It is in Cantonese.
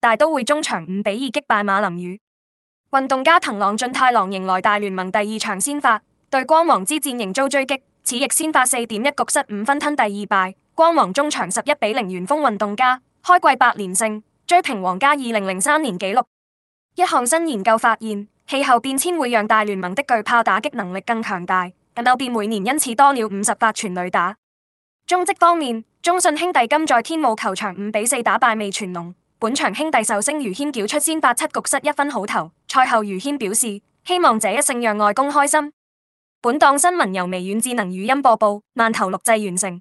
大都會中場五比二擊敗馬林魚。運動家藤浪晉太郎迎來大聯盟第二場先發，對光芒之戰迎遭追擊，此役先發四點一局失五分吞第二敗。光芒中場十一比零完封運動家，開季八連勝，追平皇家二零零三年紀錄。一項新研究發現，氣候變遷會讓大聯盟的巨炮打擊能力更強大，球隊每年因此多了五十八全壘打。中職方面，中信兄弟今在天母球場五比四打敗味全龍。本場兄弟壽星余謙繳出先發七局失一分好投，賽後余謙表示，希望這一勝讓外公開心。本檔新聞由微軟智能語音播報，慢頭錄製完成。